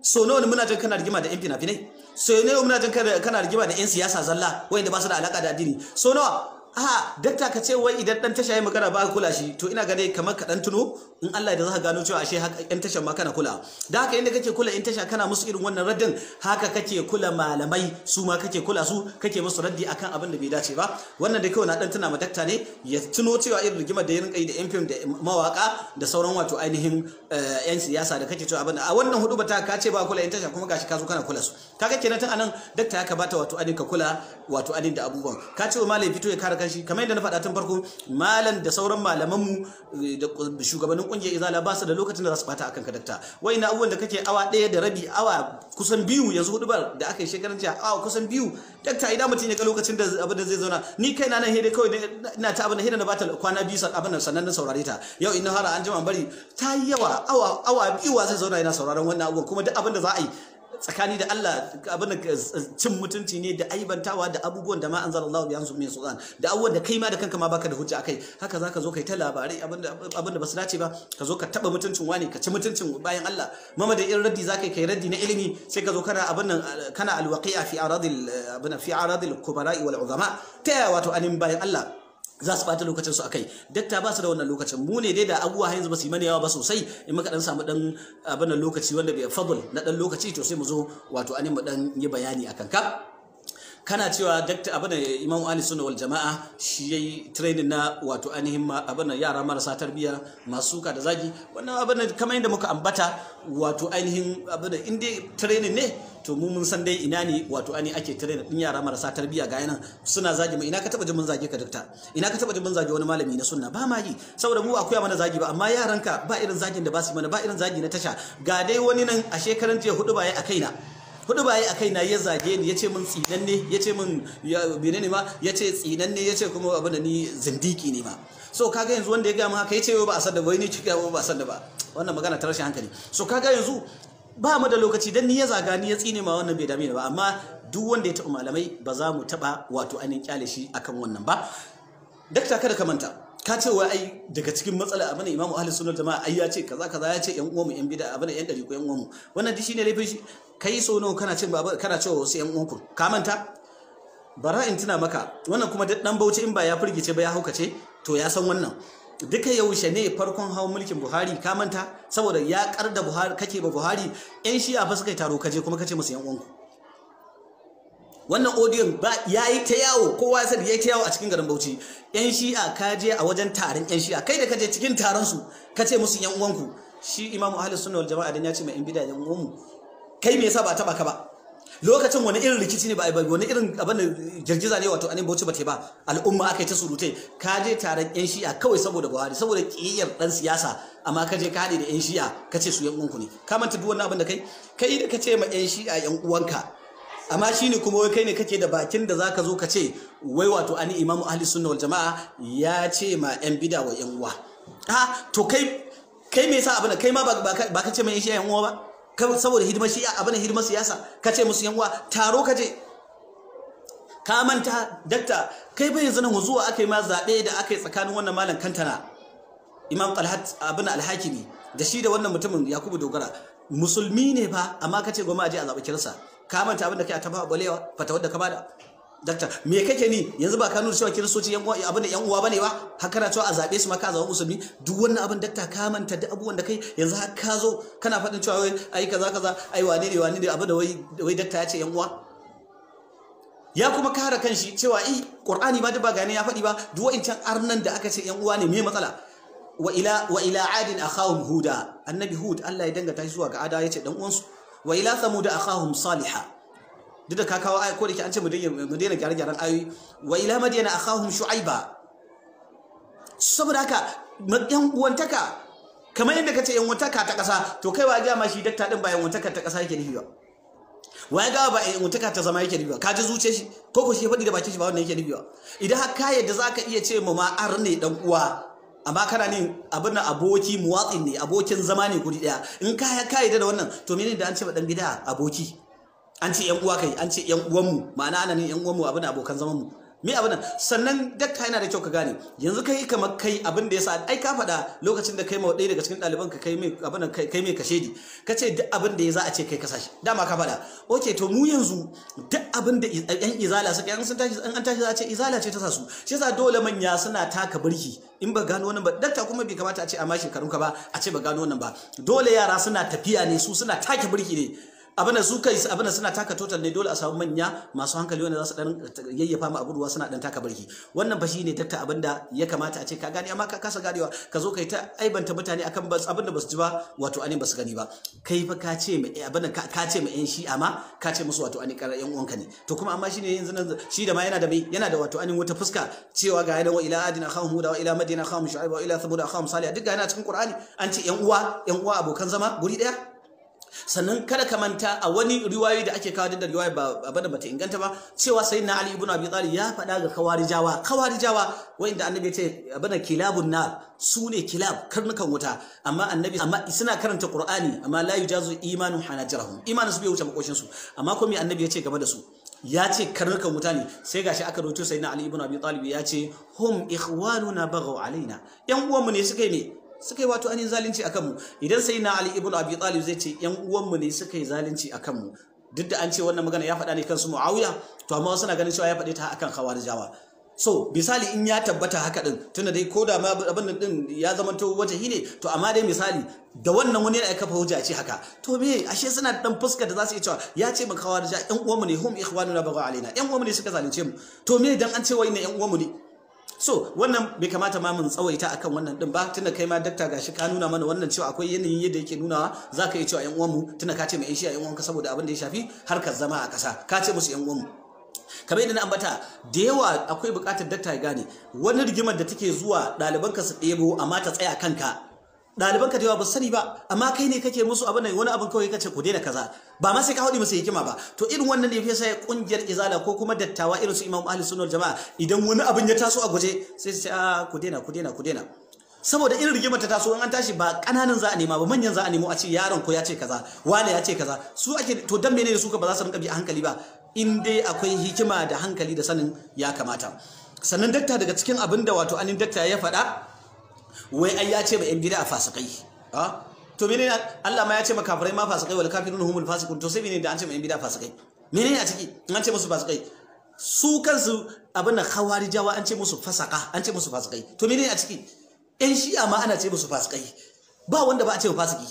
so nawa ne muna jin kana rigima da yan fina-finai so nawa muna jin kana rigima da yan siyasa zalla wanda ba su da alaka da addini so nawa a dakta ka ce wai idan dan tasha ya magana ba kula shi to ina ga dai kamar ka dan tuno in Allah da zaka gano cewa ashe haka yan tashan ma kana kula da haka inda kake kula ƴan tasha kana musu irin wannan raddin haka kake kula malamai su ma kake kula su kake musu raddi akan abin da bai dace ba wannan da kawai na dan tana ma ne ya tuno cewa irin rigimar da ya rinka yi da yan fim da mawaka da sauran wato ainihin yan eh, siyasa da kake cewa abin a wannan hudu bata ka ce ba kula ƴan tasha kuma gashi ka zo kana kula su kaga kenan tun anan dakta ya kabata wato ainihin ka kula wato ainihin da abubuwan ka ce wa malam fito ya kare kanshi kamar yadda na faɗa tun farko malam da sauran malaman mu eh, da shugabannin kungiyar izala ba su da lokacin da za su bata akan ka dakta wai na abubuwan da kake awa ɗaya da rabi awa kusan biyu yanzu bar da aka yi shekaran jiya awa kusan biyu dakta idan mutum ya ga lokacin da abin da zai zauna ni kai na nan hede kawai ina ta abin da hede na bata kwana biyu sa abin nan sannan na saurare ta yau ina har an jima bari ta yi yawa awa awa biyu zai zauna yana sauraron wannan abubuwan kuma duk abin da za a yi tsakani da Allah abin cin mutunci ne da aibantawa da abubuwan da ma Allah bihi mai sultan da abubuwan da kai ma da kanka ma baka da hujja akai haka zaka zo kai ta labarai abin da basu dace ba ka zo ka taba mutuncin wani ka ci mutuncin bayan Allah mama da irin raddi zaka kai raddi na ilimi sai ka zo kana abin nan kana alwaqi'a fi aradil abin fi aradil kubara'i wal uzama ta wato anin bayan Allah za su ɓata lokacin su akai dakta ba su da wannan lokacin mu ne dai da abubuwa yanzu ba su yi mana yawa ba sosai in muka dan samu dan abin lokaci wanda bai fadl na dan lokaci to sai mu zo wato anin mu dan yi bayani akan ka kana cewa dakta abin da imam ali sunna wal jama'a shi yayi training na wato ainihin abin yara marasa tarbiyya masu suka da zagi wannan abin kamar yadda muka ambata wato ainihin abin da in dai training ne to mu mun san dai ina ne wato ani ake tare da din yara marasa tarbiya. ga yanan suna zagi mai ina ka taba jin mun zage ka dukta ina ka taba jin mun zage wani malami na sunna ba ma yi saboda mu akuya mana zagi ba amma yaranka ba irin zagin da ba su mana ba irin zagi na tasha ga dai wani nan a shekaran jiya hudu baye a kaina hudu baye a kaina ya zage ni ya ce min ne? ya ce min menene ma ya ce ne? ya ce kuma abin da ni zindiki ne ma so kaga yanzu wanda ya ga min haka ya ce ba a san da ba ni cika ba a san da ba wannan magana ta rashin hankali so kaga yanzu ba mu da lokaci dan ni ya zaga ni ya tsine ma wannan bai dame ni ba amma duk wanda ya taba malamai ba za mu taɓa wato ainihin kyale shi akan wannan ba dakta kada ka manta ka ce wa ai daga cikin matsala abin imamu ahli sunnah jama'a ai ya ce kaza kaza ya ce yan uwanmu yan bid'a abin yan dariku yan uwanmu wannan dishi ne laifin shi kai so nawa kana cin baba kana cewa wasu yan uwanku ka manta bara in tuna maka wannan kuma dan bauchi in ba ya furgice ba ya haukace to ya san wannan duka yaushe ne farkon hawan mulkin Buhari ka manta saboda ya kar da Buhari kake ba Buhari yan shi'a fa suka yi taro kaje kuma kace musu yan uwanku wannan odiyon ba yayi ta yawo kowa ya yayi ta yawo a cikin garin Bauchi yan shi'a ka je a wajen taron yan shi'a kai da kaje cikin taron su kace musu yan uwanku shi imamu ahlus Sunnah wal jama'a dan ya ce mai in bid'a yan uwanmu kai me yasa ba taba ka ba lokacin wani irin rikici ne ba wani irin abin da girgiza ne wato anin bauchi ba ba al'umma aka yi ta surutai ka je taron yan shi'a kawai saboda buhari saboda kiyayyar dan siyasa amma ka je ka haɗe da yan shi'a ka ce su yan uwanku ne ka manta duk wannan abin da kai kai da ka ce ma yan shi'a yan uwanka amma shine kuma wai kai ne kake da bakin da zaka zo ka ce wai wato ani imamu ahli sunna wal jamaa ya ce ma yan bida wa yan uwa A ah, to kai kai me yasa abin da kai ma ba ka ce ma yan shi'a yan uwa ba saboda hidimar shi abin hidimar siyasa ka ce musu yanwa taro ka je ka manta dakta kai bai zanen nan zuwa aka yi ma zaɓe da aka yi tsakanin wannan malam kantana imam alhat abin alhakimi da shi da wannan mutumin yakubu dogara musulmi ne ba amma ka ce goma a je a zaɓi kirsa ka manta abin da kai a tafa balewa fata wadda ka bada dakta me kake ni yanzu ba ka nuna cewa kiristoci yan uwa abin da yan uwa bane ba har kana cewa a zabe su ma ka zama musulmi duk wannan abin dakta ka manta da abubuwan da kai yanzu har ka zo kana faɗin cewa wai ai kaza kaza ai wani ne wane ne abin da wai wai dakta ya ce yan uwa ya kuma kare kanshi cewa i qur'ani ma duk ba gane ya faɗi ba duk wa'incan arnan da aka ce yan uwa ne me matsala wa ila wa ila adin akhahum huda annabi hud Allah ya dangata shi zuwa ga ada yace dan uwansu wa ila thamud akhahum salihah duk da ka kawo ayi ko da ke an ce mu daina gyare-gyaren ayoyi wa ila madiyana akhahum shu'aiba saboda haka yan uwantaka kamar yadda kace yan uwantaka ta ƙasa to kai wa ga ma shi dakta din ba yan uwantaka ta ƙasa yake nufi ba ya ga ba y'an uwantaka ta zama yake ribiwa ka ji zuce shi ko ko shi ya faɗi da bakin shi ba wannan yake ribiwa idan har ka yadda zaka iya ce mu ma ar ne dan uwa amma kana ne abin nan aboki muwatsin ne abokin zama ne guri daya in ka ya kai yadda da wannan to menene da an ce ba dan gida aboki an ce yan uwa kai an ce yan uwanmu ma'ana ana ne yan uwanmu abin abokan zaman mu me abin nan sannan dakta yana da kyau ka gane yanzu kai kamar kai abin da yasa ai ka faɗa lokacin da kai ma daga cikin ɗaliban ka kai mai abin nan kai mai kashedi ka ce duk abin da ya za a ce kai ka sashi dama ka faɗa Ok to mu yanzu duk abin da yan izala suka yan sun tashi an tashi za a ce izala ce ta sa su shi yasa dole manya suna taka birki in ba gano wannan ba dakta kuma bai kamata a ce a ma shekarunka ba a ce ba gano wannan ba dole yara suna tafiya ne su suna take birki ne abinda su kai abinda suna taka total ne dole a samu manya masu hankali wanda za su dan yayyafa mu abubuwa suna dan taka barki wannan ba shine dakta abinda ya kamata a ce ka gane amma ka kasa gadewa ka zo kai ta aibanta mutane akan abinda ba basu ji ba wato anin basu gani ba kai fa ka ce mai eh, abinda ka ce mai yan shi amma ka ce musu wato anin karar yan uwanka ne to kuma amma shine yanzu nan shi da ma yana da mai yana da wato anin wata fuska cewa ga yana wa ila adin akhahum da wa ila madina khamu shu'aib wa ila thamud akhahum salih duk ga yana cikin qur'ani an ce yan uwa yan uwa abokan zama guri daya sannan kada ka manta a wani riwayoyi da ake kawo da riwaya ba abin bata inganta ba cewa sai na Ali ibn Abi Talib ya faɗa ga kawarijawa kawarijawa wanda annabi ya ce abin kilabun nar su ne kilab karnukan wuta amma annabi amma suna karanta Qur'ani amma la yujazu imanu hanajrahum imanu su bai wuce makoshin su amma ko me annabi ya ce game da su ya ce karnukan wuta ne sai gashi aka sai na Ali ibn Abi Talib ya ce hum ikhwanuna baghaw alaina yan uwanmu ne suka yi ne suka yi wato ainihin zalunci akan mu idan sai na Ali ibn Abi Talib zai ce ƴan uwanmu ne suka yi zalunci akan mu duk da an ce wannan magana ya faɗa ne kansu Muawiya to amma suna ganin cewa ya faɗe ta akan Khawarijawa so misali in ya tabbata haka din tunda dai ko da ma abin din ya zamanto wajahi ne to amma dai misali da wannan wani yana kafa hujja ce haka to me ashe suna dan fuska da za su yi cewa ya ce makawa da ɗan uwanmu ne hum ikhwanuna bagha alaina ɗan uwanmu ne suka zalunce mu to me dan an ce wai ne ɗan uwanmu ne so wannan bai kamata ma mun tsawaita akan wannan din ba tunda kai ma dakta gashi ka nuna mana wannan cewa akwai yanayin yadda yake nunawa za ka yi cewa yan uwanmu tunda ka ce mai yan uwanka saboda abin da ya shafi harkar zama a ƙasa ka ce musu yan uwanmu kamar yadda na ambata da yawa akwai bukatar dakta ya gane wani rigimar da take zuwa ɗalibanka su ɗebo amma ta tsaya kanka ɗaliban ka da yawa ba sani ba amma kai ne kake musu abin wani abin kawai kace ku daina kaza ba ma sai ka haɗi musu hikima ba to irin wannan ne sai kungiyar izala ko kuma dattawa irin su imam ahli sunnah jama'a idan wani abin ya taso a guje sai su ce a ah, ku daina ku daina ku daina saboda irin rigimar ta taso in an tashi ba kananan za a nema ba manyan za a nemo a ce yaron ko ya ce kaza wani ya ce kaza su ake to dan menene su ka ba za su rinka bi a hankali ba in dai akwai hikima da hankali da sanin ya kamata sannan dakta daga cikin abin da wato anin dakta ya faɗa wai ai ya ce ma yan bid'a fasikai a to menene Allah ma ya ce ma kafirai ma fasikai wal kafirun humul fasikun to sai menene da an ce ma yan bid'a fasikai menene a ciki an ce musu fasikai su kansu abin nan khawarijawa an ce musu fasaka an ce musu fasikai to menene a ciki yan shi'a ma ana ce musu fasikai ba wanda ba a ce fasiki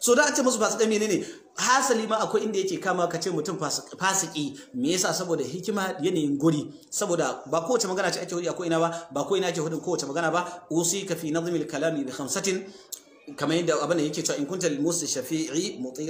so da an ce musu fasikai menene hasali ma akwai inda yake kama ka ce mutum fasiki me yasa saboda hikima yanayin guri saboda ba kowace magana ce ake hudu a ko ina ba ba ko ina ake hudu kowace magana ba usi kafi fi nazmil kalami bi khamsatin kamar yadda abin da yake cewa in kunta musu shafi'i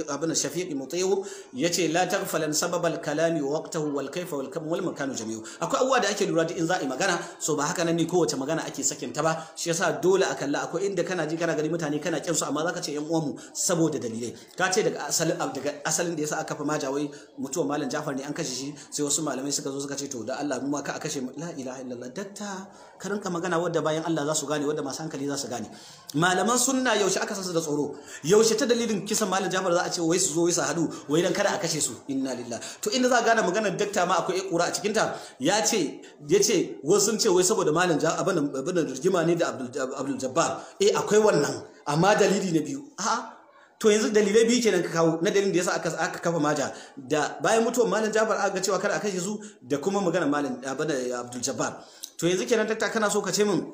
abin shafi'i mutiyu yace la taghfalan sababal kalami wa waqtahu wal kayfa wal kam wal makanu jami'u akwai abubuwa da ake lura da in za a yi magana so ba haka nan ne kowace magana ake sakin ta ba shi yasa dole a kalla akwai inda kana ji kana gani mutane kana kin su amma zaka ce yan uwanmu saboda dalilai ka ce daga asalin daga asalin da yasa aka fa majawai mutuwa malam Jafar ne an kashe shi sai wasu malamai suka zo suka ce to da Allah mu ka kashe la ilaha illallah dakta ka magana wadda bayan Allah za su gane wadda masu hankali za su gane malaman sunna yaushe aka san su da tsoro yaushe ta dalilin kisan malam Jafar za a ce wai su zo wai su hadu wai dan kada a kashe su inna lillah to inda za gane maganar dakta ma akwai kura a cikin ta ya ce yace wasu sun ce wai saboda malam abin abin rigima ne da Abdul Jabbar eh akwai wannan amma dalili na biyu a'a to yanzu dalilai biyu kenan ka kawo na dalilin da yasa aka aka kafa maja da bayan mutuwar malam Jafar aka cewa kada a kashe su da kuma maganar malam Abdul Jabbar to yanzu kenan dakta kana so ka ce min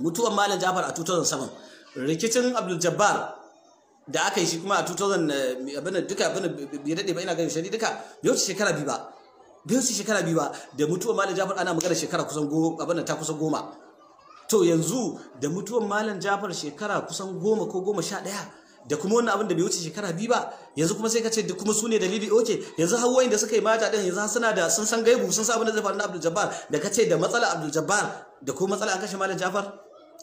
mutuwar malam Jafar a 2007 rikicin abdul jabbar da aka yi shi kuma a 2000 eh, abin duka abin bai dade ba ina ganin shari duka bai wuce shekara biyu ba bai wuce shekara biyu ba da mutuwar malam jafar ana magana shekara kusan goma abin ta kusan goma to yanzu da mutuwar malam jafar shekara kusan goma ko goma sha ɗaya da kuma wannan abin da bai wuce shekara biyu ba yanzu kuma sai ka ce duk kuma su ne dalili oke yanzu hawayin da suka yi mata din yanzu suna da sun san gaibu sun san abin da zai faru na abdul jabbar da ka ce da matsala abdul jabbar da ko matsala an kashe malam jafar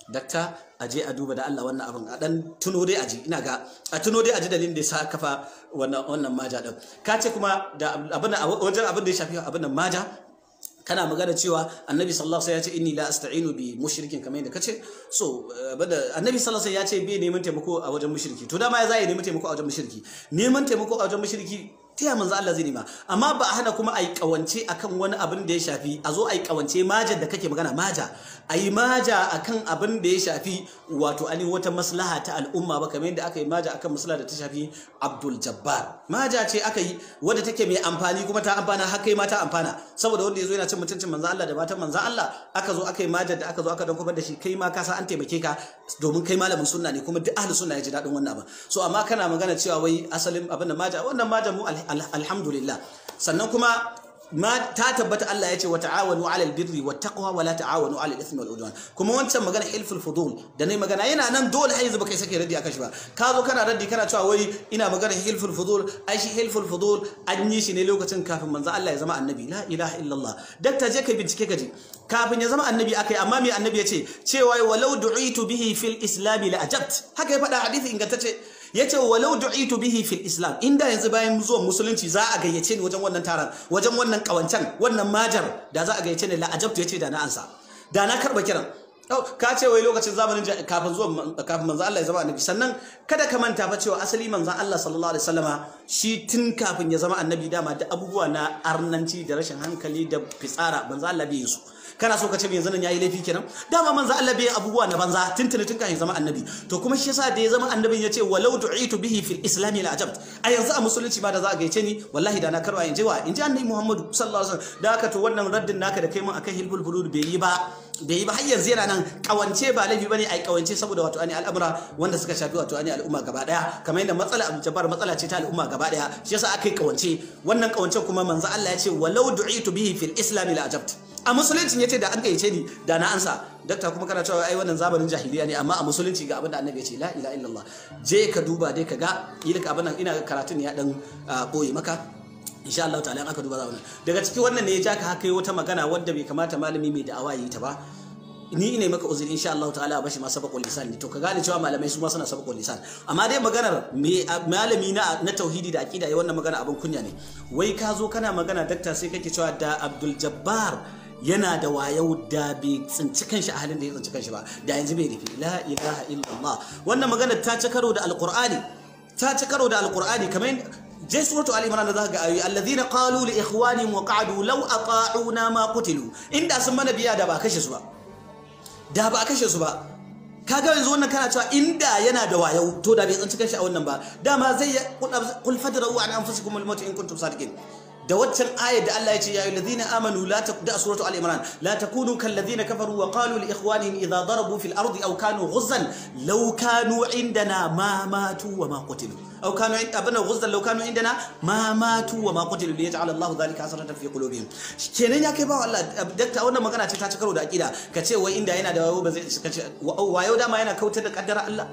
dakta a je a duba da Allah wannan abin a dan tuno dai ji ina ga a tuno dai ji dalilin da ya kafa wannan wannan maja din ka ce kuma da abin wajen abin da ya shafi abin nan maja kana magana cewa annabi sallallahu alaihi wasallam ya ce inni la asta'inu bi mushrikin kamar yadda kace so eh, da annabi sallallahu alaihi wasallam ya ce bai neman taimako a wajen mushriki to dama ya zai neman taimako a wajen mushriki neman taimako a wajen mushriki ta yi manzo Allah zai nema amma ba a hana kuma a yi kawance akan wani abin da ya shafi a zo a yi kawance maja da kake magana maja a yi maja akan abin da ya shafi wato ani wata maslaha ta al'umma ba kamar yadda aka yi maja akan maslaha da ta shafi Abdul Jabbar maja ce aka yi wadda take mai amfani kuma ta amfana har kai ma ta amfana saboda wanda yazo yana cin mutuncin manzo Allah da matan manzo Allah aka zo aka yi maja da aka zo aka dan da shi kai ma ka sa an taimake ka domin kai malamin sunna ne kuma duk ahli sunna ya ji dadin wannan ba so amma kana magana cewa wai asalin abin da maja wannan maja mu alhamdulillah sannan kuma ma ta tabbata Allah ya ce wa ta'awanu 'alal birri wa taqwa wala ta'awanu 'alal ithmi wal udwan kuma wancan magana hilful fudul da nayi magana yana nan dole har yanzu baka sake raddi akan shi ba ka zo kana raddi kana cewa wai ina magana hilful fudul ai shi hilful fudul an yi shi ne lokacin kafin manzo Allah ya zama annabi la ilaha illallah ta je kai bincike kaje kafin ya zama annabi akai amma me annabi ya ce cewa walau du'itu bihi fil islam la ajabt haka ya faɗa hadisi ingantacce yace walau du'itu bihi fil islam inda yanzu bayan zuwan musulunci za a gayyace ni wajen wannan taron wajen wannan kawancan wannan majar da za a gayyace ni la ajabtu yace da na ansa da na karba kiran oh, ka ce wai lokacin zamanin kafin zuwan kafin manzo Allah ya zama annabi sannan kada ka manta fa cewa asali manzo Allah sallallahu alaihi wasallama shi tun kafin ya zama annabi dama da abubuwa na arnanci da rashin hankali da fitsara manzo Allah bai yi su kana so ka ce yanzu nan yayi laifi kenan dama manzo Allah bai abubuwa na banza tuntuni tun kafin zama annabi to kuma shi yasa da ya zama annabin ce walau du'itu bihi fil islam la ajabt a yanzu a musulunci ba da za a gaice ni wallahi da na karwa in je wa in ji annabi Muhammadu sallallahu alaihi wasallam da haka to wannan raddin naka da kai mun akan hilbul bulud bai yi ba da yi ba har yanzu yana nan kawance ba laifi bane ai kawance saboda wato ani al'amura wanda suka shafi wato ani al'umma gaba daya kamar yadda matsala abu jabar matsala ce ta al'umma gaba daya shi yasa aka yi kawance wannan kawance kuma manzo Allah ya ce walau du'itu bihi fil islam la ajabt a musulunci yace da an gayyace ni da na ansa dakta kuma kana cewa ai wannan zamanin jahiliya ne amma a musulunci ga abin da annabi ya ce la ilaha illallah je ka duba dai ka ga ilka abin nan ina karatun ya dan boye ah, maka insha Allah ta'ala aka duba wannan daga cikin wannan ne ya ja ka haka wata magana wadda bai kamata malami mai da'awa yi ta ba ni ne maka uzuri insha Allah ta'ala a bashi ma sabaqul lisan ne to ka gane cewa malamai su ma suna sabaqul lisan amma dai maganar malami na tauhidi da aqida ya wannan magana abin kunya ne wai ka zo kana magana dakta sai kake cewa da Abdul Jabbar yana da wayau da bai tsinci kanshi a halin da ya tsinci kanshi ba da yanzu bai rufe la ilaha illallah wannan magana ta ci karo da alqur'ani ta ci karo da alqur'ani kamar je suratu ali imran da zaka ga ayoyi allazina qalu li ikhwanihim wa qa'adu law ata'una ma qutilu inda sun mana biya da ba kashe su ba da ba kashe su ba kaga yanzu wannan kana cewa inda yana da wayo to da bai tsinci kanshi a wannan ba dama zai kulfadra wa an anfusikum al-maut in kuntum sadiqin da waccan ayar da Allah ya ce ya ayyuhal ladina amanu da taqda suratu al imran la takunu kal ladina kafaru wa qalu li ikhwanihim idha darabu fil ardi aw kanu ghuzzan law kanu na ma matu wa ma qutilu aw kanu abana ghuzzan law kanu indana ma matu wa ma qutilu li yaj'al Allah dhalika hasratan fi qulubihim kenan ya kai ba Allah da ta wannan magana ce ta ci karo da akida ka ce wai inda yana da wayo ba zai kace wayo dama yana kautar da kaddara Allah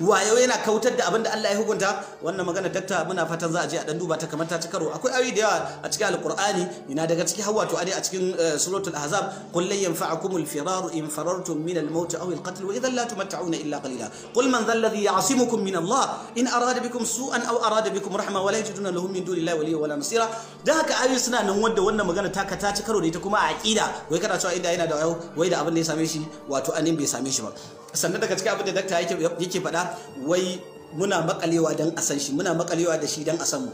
wayo yana kautar da abin da Allah ya hukunta wannan magana dakta muna fatan za a je a dan duba ta kamar ta ci karo akwai ayoyi da yawa a cikin alqur'ani ina daga ciki hawa to a cikin eh, suratul ahzab qul lan yanfa'akumul firaru in farartum min al-maut aw al-qatl wa idhan la tumatta'una illa qalila qul man dhal ladhi ya'simukum min Allah in arada bikum su'an aw arada bikum rahma wa la yajiduna lahum min dunillahi waliyya wala nasira da haka ayoyi suna nan wanda wannan magana ta ka ta ci karo da ita kuma a aqida wai kana cewa inda yana da wai da abin da ya same shi wato anin bai same shi ba sannan daga cikin abin da dakta yake faɗa wai muna makalewa don a san shi muna makalewa da shi don a san mu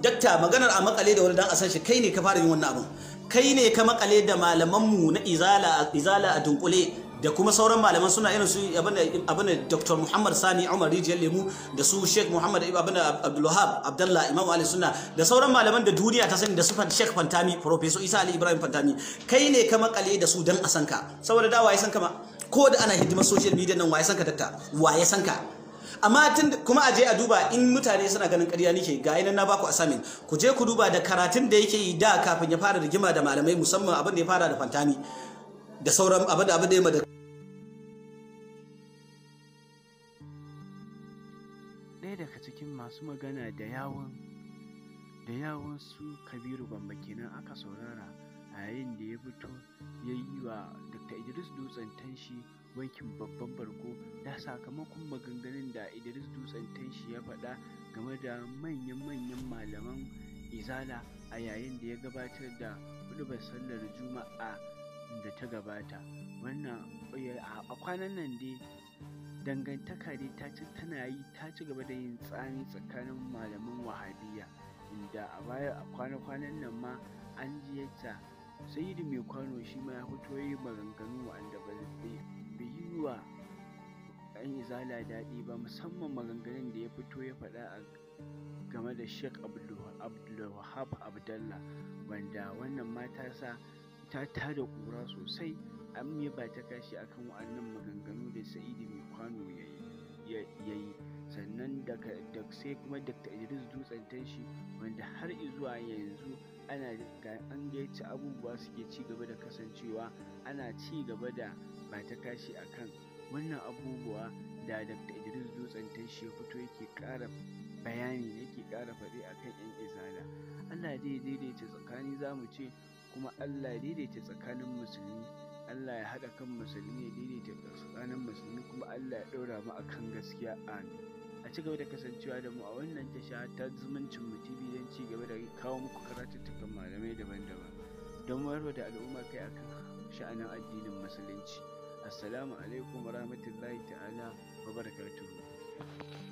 dakta maganar a makale da wani don a san shi kai ne ka fara yin wannan abin kai ne ka makale da malamanmu na izala izala a dunkule da kuma sauran malaman suna irin su abin da Dr. Muhammad Sani Umar Rijiyar Lemu da su Sheikh Muhammad abin Abdul Abdulwahab Abdullah Imam Ali Sunna da sauran malaman da duniya ta sani da su Sheikh Fantami Professor Isa Ali Ibrahim Fantami kai ne ka makale da su dan a san ka saboda dawaye ya san ka ma ko da ana hidimar social media nan waye sanka dakta waye sanka amma tun kuma a je a duba in mutane suna ganin ƙarya nake ga yanan na baku asamin ku je ku duba da karatun da yake yi da kafin ya fara rigima da malamai musamman abin da ya fara da fantami da sauran abin da abin da ya mada ɗaya daga cikin masu magana da yawon da yawon su kabiru bamba kenan aka saurara a yayin da ya fito ya yi wa da Idris Dutsen Tanshi Wankin Babban barko na sakamakon maganganun da Idris Dutsen Tanshi ya faɗa game da manyan-manyan malaman Izala a yayin da ya gabatar da hudubar sallar Juma'a da ta gabata. Wannan eh, a kwanan nan dai dangantaka ne ta ci tana yi ta ci gaba da yin tsani tsakanin malaman wahabiya inda a baya a kwana-kwanan nan ma an ji sa'idu mai kwano shi ma ya fito yi maganganu wa'anda ba bai yi wa an izala daɗi ba musamman maganganun da ya fito ya faɗa game da sheik abdulwahab abdallah wanda wannan mata sa ta tada ƙura sosai an ba ta kashi akan wa'annan maganganu da sa'idu mai kwano ya yi sannan sai kuma dr idris dutsen tashi, wanda har zuwa yanzu ana da an gaici abubuwa suke ci gaba da kasancewa ana ci gaba da ba ta kashi akan wannan abubuwa da dr idris dutsen tanshi ya fito yake ƙara bayani yake ƙara faɗi akan yan izala allah dai daidaita tsakani za mu ce kuma allah daidaita tsakanin musulmi Allah ya haɗa kan musulmi ya daidaita tsakanin musulmi kuma Allah ya ɗora mu akan gaskiya amin a ci gaba da kasancewa da mu a wannan tasha ta zumuncin mu TV don ci gaba da kawo muku karatuttukan malamai daban-daban don warwa da al'umma kai akan sha'anin addinin musulunci assalamu alaikum warahmatullahi ta'ala wa barakatuhu